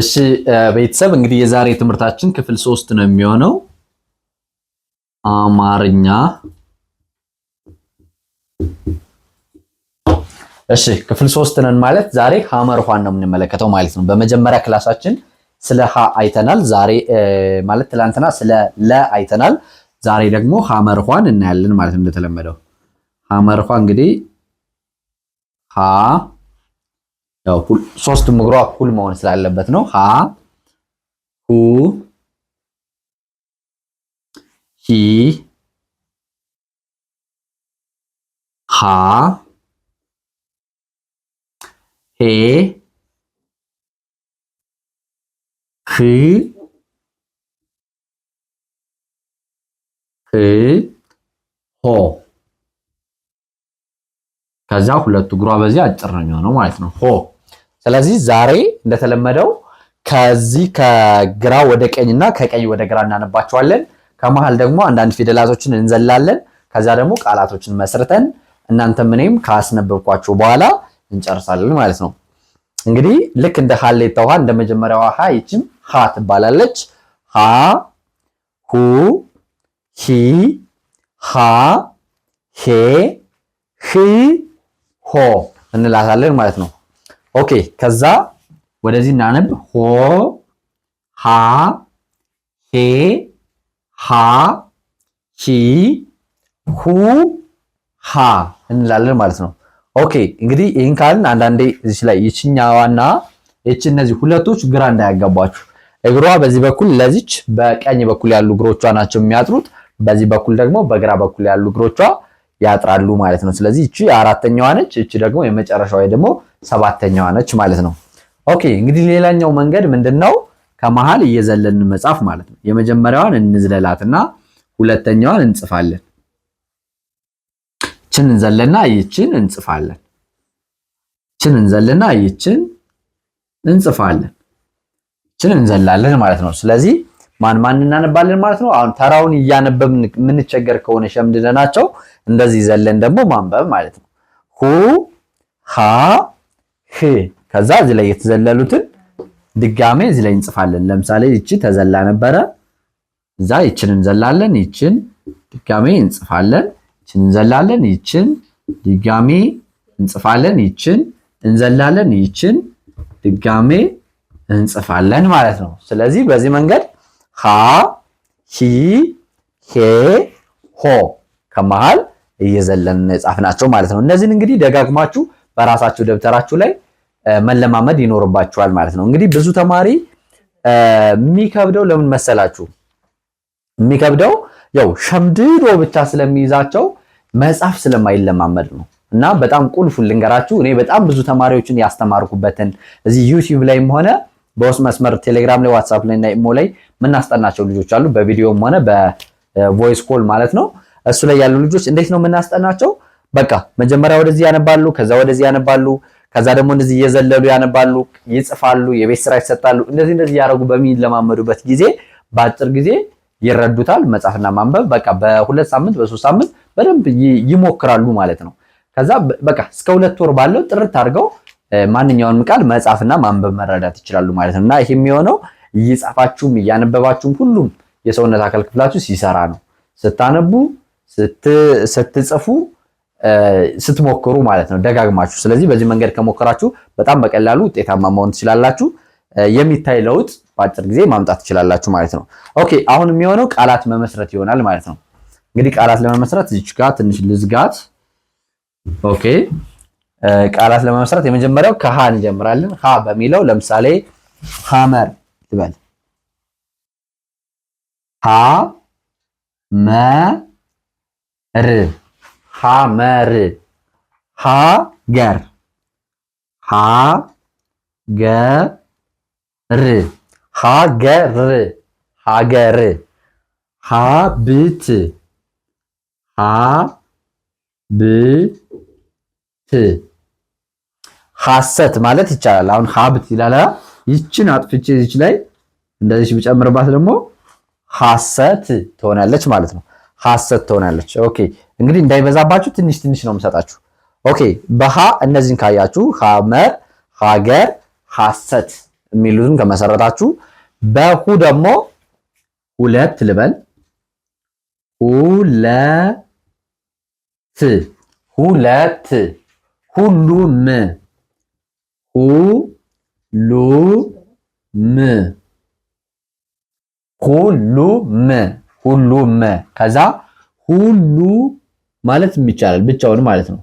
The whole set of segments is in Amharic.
እሺ ቤተሰብ እንግዲህ የዛሬ ትምህርታችን ክፍል ሶስት ነው የሚሆነው አማርኛ። እሺ ክፍል ሶስት ነን ማለት ዛሬ ሀመር ኋን ነው የምንመለከተው ማለት ነው። በመጀመሪያ ክላሳችን ስለ ሀ አይተናል። ዛሬ ማለት ትላንትና ስለ ለ አይተናል። ዛሬ ደግሞ ሀመር ኋን እናያለን ማለት ነው። እንደተለመደው ሀመር ኋ እንግዲህ ሀ ሶስቱም እግሯ እኩል መሆን ስላለበት ነው። ሀ ሁ ሂ ሃ ሄ ህ ህ ሆ ከዛ ሁለቱ እግሯ በዚህ አጭር ነው የሚሆነው ማለት ነው ሆ ስለዚህ ዛሬ እንደተለመደው ከዚህ ከግራ ወደ ቀኝና ከቀኝ ወደ ግራ እናነባቸዋለን። ከመሀል ደግሞ አንዳንድ ፊደላቶችን እንዘላለን። ከዛ ደግሞ ቃላቶችን መስርተን እናንተም እኔም ካስነበብኳችሁ በኋላ እንጨርሳለን ማለት ነው። እንግዲህ ልክ እንደ ሀሌታ ውሃ እንደ መጀመሪያዋ ሀ ይችም ሀ ትባላለች። ሀ ሁ ሂ ሀ ሄ ህ ሆ እንላታለን ማለት ነው። ኦኬ ከዛ ወደዚህ እናነብ ሆ ሀ ሄ ሀ ሂ ሁ ሀ እንላለን ማለት ነው። ኦኬ እንግዲህ ይህን ካልን አንዳንዴ እዚች ላይ ይችኛዋና ይች እነዚህ ሁለቶች ግራ እንዳያጋባችሁ። እግሯ በዚህ በኩል ለዚች በቀኝ በኩል ያሉ እግሮቿ ናቸው የሚያጥሩት። በዚህ በኩል ደግሞ በግራ በኩል ያሉ እግሮቿ ያጥራሉ ማለት ነው። ስለዚህ እቺ አራተኛዋ ነች። እቺ ደግሞ የመጨረሻዋ ደግሞ ሰባተኛዋ ነች ማለት ነው። ኦኬ እንግዲህ ሌላኛው መንገድ ምንድነው? ከመሃል እየዘለን መጻፍ ማለት ነው። የመጀመሪያዋን እንዝለላትና ሁለተኛዋን እንጽፋለን። ይችን እንዘለና ይችን እንጽፋለን። ይችን እንዘልና ይችን እንጽፋለን። ይችን እንዘላለን ማለት ነው። ስለዚህ ማን ማን እናነባለን ማለት ነው። አሁን ተራውን እያነበብ የምንቸገር ከሆነ ሸምድደናቸው እንደዚህ ዘለን ደግሞ ማንበብ ማለት ነው። ሁ ሃ ህ ከዛ እዚህ ላይ የተዘለሉትን ድጋሜ እዚህ ላይ እንጽፋለን። ለምሳሌ ይቺ ተዘላ ነበረ። እዛ ይችን እንዘላለን፣ ይችን ድጋሜ እንጽፋለን፣ ይችን እንዘላለን፣ ይችን ድጋሜ እንጽፋለን፣ ይችን እንዘላለን፣ ይችን ድጋሜ እንጽፋለን ማለት ነው። ስለዚህ በዚህ መንገድ ሃ ሂ ሄ ሆ ከመሃል እየዘለን ጻፍናቸው ማለት ነው። እነዚህን እንግዲህ ደጋግማችሁ በራሳችሁ ደብተራችሁ ላይ መለማመድ ይኖርባችኋል ማለት ነው። እንግዲህ ብዙ ተማሪ የሚከብደው ለምን መሰላችሁ? የሚከብደው ያው ሸምድዶ ብቻ ስለሚይዛቸው መጻፍ ስለማይለማመድ ነው። እና በጣም ቁልፉን ልንገራችሁ። እኔ በጣም ብዙ ተማሪዎችን ያስተማርኩበትን እዚህ ዩቲዩብ ላይም ሆነ በውስጥ መስመር ቴሌግራም ላይ ዋትሳፕ ላይ እና ኢሞ ላይ የምናስጠናቸው ልጆች አሉ። በቪዲዮም ሆነ በቮይስ ኮል ማለት ነው። እሱ ላይ ያሉ ልጆች እንዴት ነው የምናስጠናቸው? በቃ መጀመሪያ ወደዚህ ያነባሉ፣ ከዛ ወደዚህ ያነባሉ፣ ከዛ ደግሞ እንደዚህ እየዘለሉ ያነባሉ፣ ይጽፋሉ፣ የቤት ስራ ይሰጣሉ። እንደዚህ እንደዚህ እያደረጉ በሚለማመዱበት ጊዜ በአጭር ጊዜ ይረዱታል። መጻፍና ማንበብ በቃ በሁለት ሳምንት በሶስት ሳምንት በደንብ ይሞክራሉ ማለት ነው። ከዛ በቃ እስከ ሁለት ወር ባለው ጥርት አድርገው ማንኛውንም ቃል መጻፍና ማንበብ መረዳት ይችላሉ ማለት ነው እና ይህ የሚሆነው እየጻፋችሁም እያነበባችሁም ሁሉም የሰውነት አካል ክፍላችሁ ሲሰራ ነው። ስታነቡ፣ ስትጽፉ፣ ስትሞክሩ ማለት ነው ደጋግማችሁ። ስለዚህ በዚህ መንገድ ከሞከራችሁ በጣም በቀላሉ ውጤታማ መሆን ትችላላችሁ። የሚታይ ለውጥ በአጭር ጊዜ ማምጣት ትችላላችሁ ማለት ነው። ኦኬ አሁን የሚሆነው ቃላት መመስረት ይሆናል ማለት ነው። እንግዲህ ቃላት ለመመስረት እዚች ጋር ትንሽ ልዝጋት። ኦኬ ቃላት ለመመስረት የመጀመሪያው ከሃ እንጀምራለን። ሃ በሚለው ለምሳሌ ሀመር ። ይበል። ሃ መ ር ሐመር ሃ ገር ሃ ገ ር ሃገር ሃገር ሃብት ሃ ብ ት ሐሰት ማለት ይቻላል። አሁን ሀብት ይላል። ይችን አጥፍቼ እዚች ላይ እንደዚህ ብጨምርባት ደግሞ ሐሰት ትሆናለች ማለት ነው። ሐሰት ትሆናለች። ኦኬ እንግዲህ እንዳይበዛባችሁ ትንሽ ትንሽ ነው የምሰጣችሁ። ኦኬ በሃ እነዚህን ካያችሁ ሐመር፣ ሀገር፣ ሐሰት የሚሉትን ከመሰረታችሁ በሁ ደግሞ ሁለት ልበል ሁለት ሁለት ሁሉም ሁ ሉ ም ሁሉም ሁሉም ከዛ ሁሉ ማለት ይቻላል ብቻውን ማለት ነው።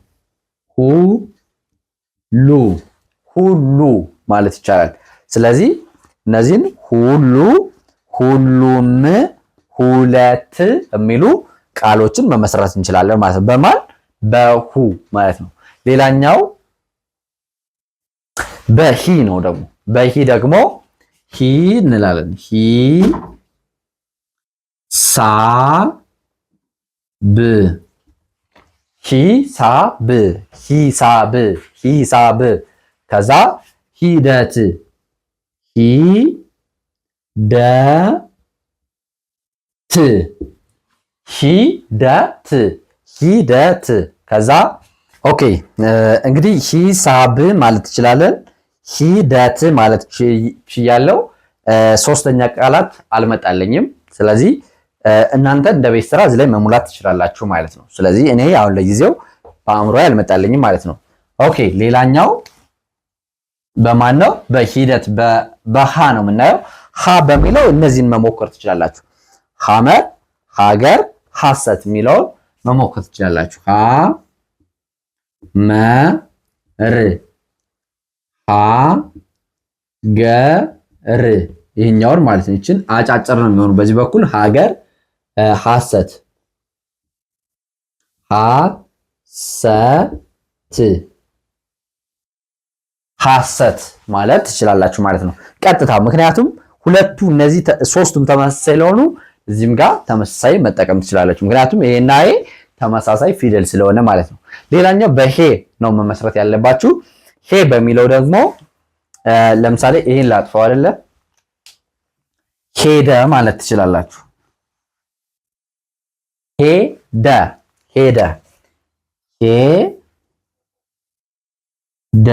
ሁሉ ሁሉ ማለት ይቻላል። ስለዚህ እነዚህን ሁሉ፣ ሁሉም፣ ሁለት የሚሉ ቃሎችን መመስረት እንችላለን ማለት ነው። በማን በሁ ማለት ነው። ሌላኛው በሂ ነው ደግሞ በሂ ደግሞ ሂ እንላለን። ሂ ሳ ብ ሂ ሳ ብ ሂ ሳ ብ ሂ ሳ ብ ከዛ ሂደት ሂ ደ ት ሂ ደ ት ሂ ደ ት ከዛ ኦኬ እንግዲህ ሂሳብ ማለት ትችላለን። ሂደት ማለት ችያለው። ሶስተኛ ቃላት አልመጣለኝም። ስለዚህ እናንተ እንደ ቤት ስራ እዚህ ላይ መሙላት ትችላላችሁ ማለት ነው። ስለዚህ እኔ አሁን ለጊዜው በአእምሮ አልመጣለኝም ማለት ነው። ኦኬ ሌላኛው በማን ነው? በሂደት በሃ ነው የምናየው። ሃ በሚለው እነዚህን መሞከር ትችላላችሁ። ሐመር፣ ሀገር፣ ሐሰት የሚለውን መሞከር ትችላላችሁ። ሐመር ሀገር ይህኛውን ማለት ነው። ይችን አጫጭር ነው የሚሆኑ በዚህ በኩል ሀገር ሀሰት ሀሰት ሀሰት ማለት ትችላላችሁ ማለት ነው ቀጥታ። ምክንያቱም ሁለቱ እነዚህ ሶስቱም ተመሳሳይ ለሆኑ እዚህም ጋር ተመሳሳይ መጠቀም ትችላላችሁ። ምክንያቱም ይሄና ይሄ ተመሳሳይ ፊደል ስለሆነ ማለት ነው። ሌላኛው በሄ ነው መመስረት ያለባችሁ ሄ በሚለው ደግሞ ለምሳሌ ይሄን ላጥፈው አይደለ? ሄደ ማለት ትችላላችሁ። ሄደ ሄደ ሄደ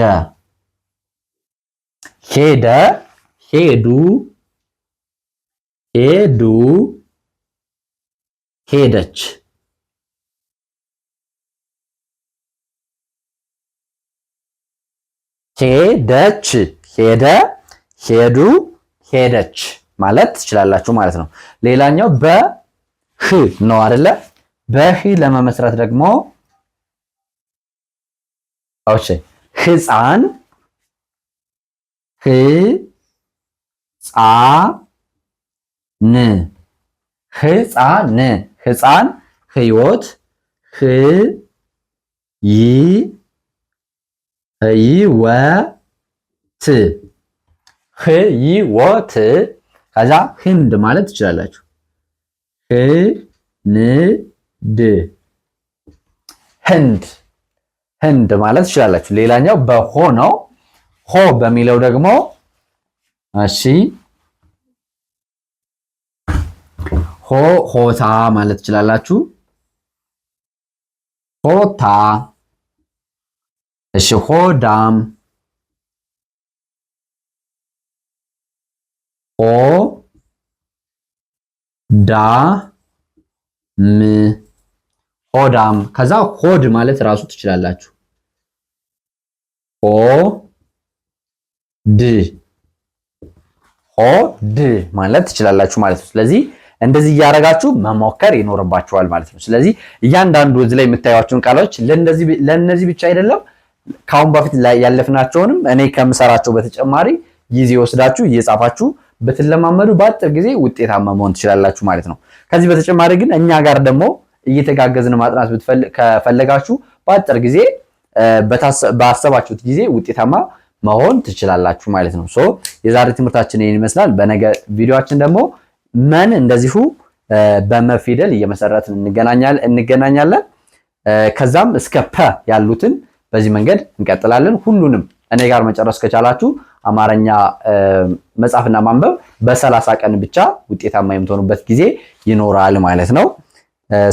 ሄደ ሄዱ ሄዱ ሄደች ሄደች፣ ሄደ፣ ሄዱ፣ ሄደች ማለት ትችላላችሁ ማለት ነው። ሌላኛው በህ ነው አይደለ? በህ ለመመስረት ደግሞ ኦኬ ህፃን፣ ህፃን፣ ህፃን፣ ህፃን፣ ህይወት፣ ህይ ህይወት ህይወት ከዛ ህንድ ማለት ትችላላችሁ። ህንድ ህንድ ህንድ ማለት ትችላላችሁ። ሌላኛው በሆ ነው። ሆ በሚለው ደግሞ እሺ ሆ ሆታ ማለት ትችላላችሁ። ሆታ እሺ ሆዳም ሆ ዳ ም ሆዳም። ከዛ ሆድ ማለት እራሱ ትችላላችሁ። ሆ ድ ሆ ድ ማለት ትችላላችሁ ማለት ነው። ስለዚህ እንደዚህ እያደረጋችሁ መሞከር ይኖርባችኋል ማለት ነው። ስለዚህ እያንዳንዱ እዚህ ላይ የምታዩዋቸውን ቃሎች ለእነዚህ ብቻ አይደለም ከአሁን በፊት ያለፍናቸውንም እኔ ከምሰራቸው በተጨማሪ ጊዜ ወስዳችሁ እየጻፋችሁ ብትለማመዱ በአጭር ጊዜ ውጤታማ መሆን ትችላላችሁ ማለት ነው። ከዚህ በተጨማሪ ግን እኛ ጋር ደግሞ እየተጋገዝን ማጥናት ከፈለጋችሁ በአጭር ጊዜ ባሰባችሁት ጊዜ ውጤታማ መሆን ትችላላችሁ ማለት ነው። ሶ የዛሬ ትምህርታችን ይህን ይመስላል። በነገ ቪዲዮችን ደግሞ መን እንደዚሁ በመፊደል እየመሰረትን እንገናኛለን። ከዛም እስከ ፐ ያሉትን በዚህ መንገድ እንቀጥላለን። ሁሉንም እኔ ጋር መጨረስ ከቻላችሁ አማርኛ መጻፍና ማንበብ በሰላሳ ቀን ብቻ ውጤታማ የምትሆኑበት ጊዜ ይኖራል ማለት ነው።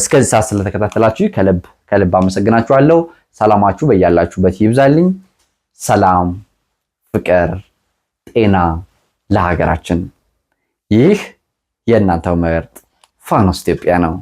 እስከዚህ ሰዓት ስለተከታተላችሁ ከልብ ከልብ አመሰግናችኋለሁ። ሰላማችሁ በያላችሁበት ይብዛልኝ። ሰላም፣ ፍቅር፣ ጤና ለሀገራችን። ይህ የእናንተው መርጥ ፋኖስ ኢትዮጵያ ነው።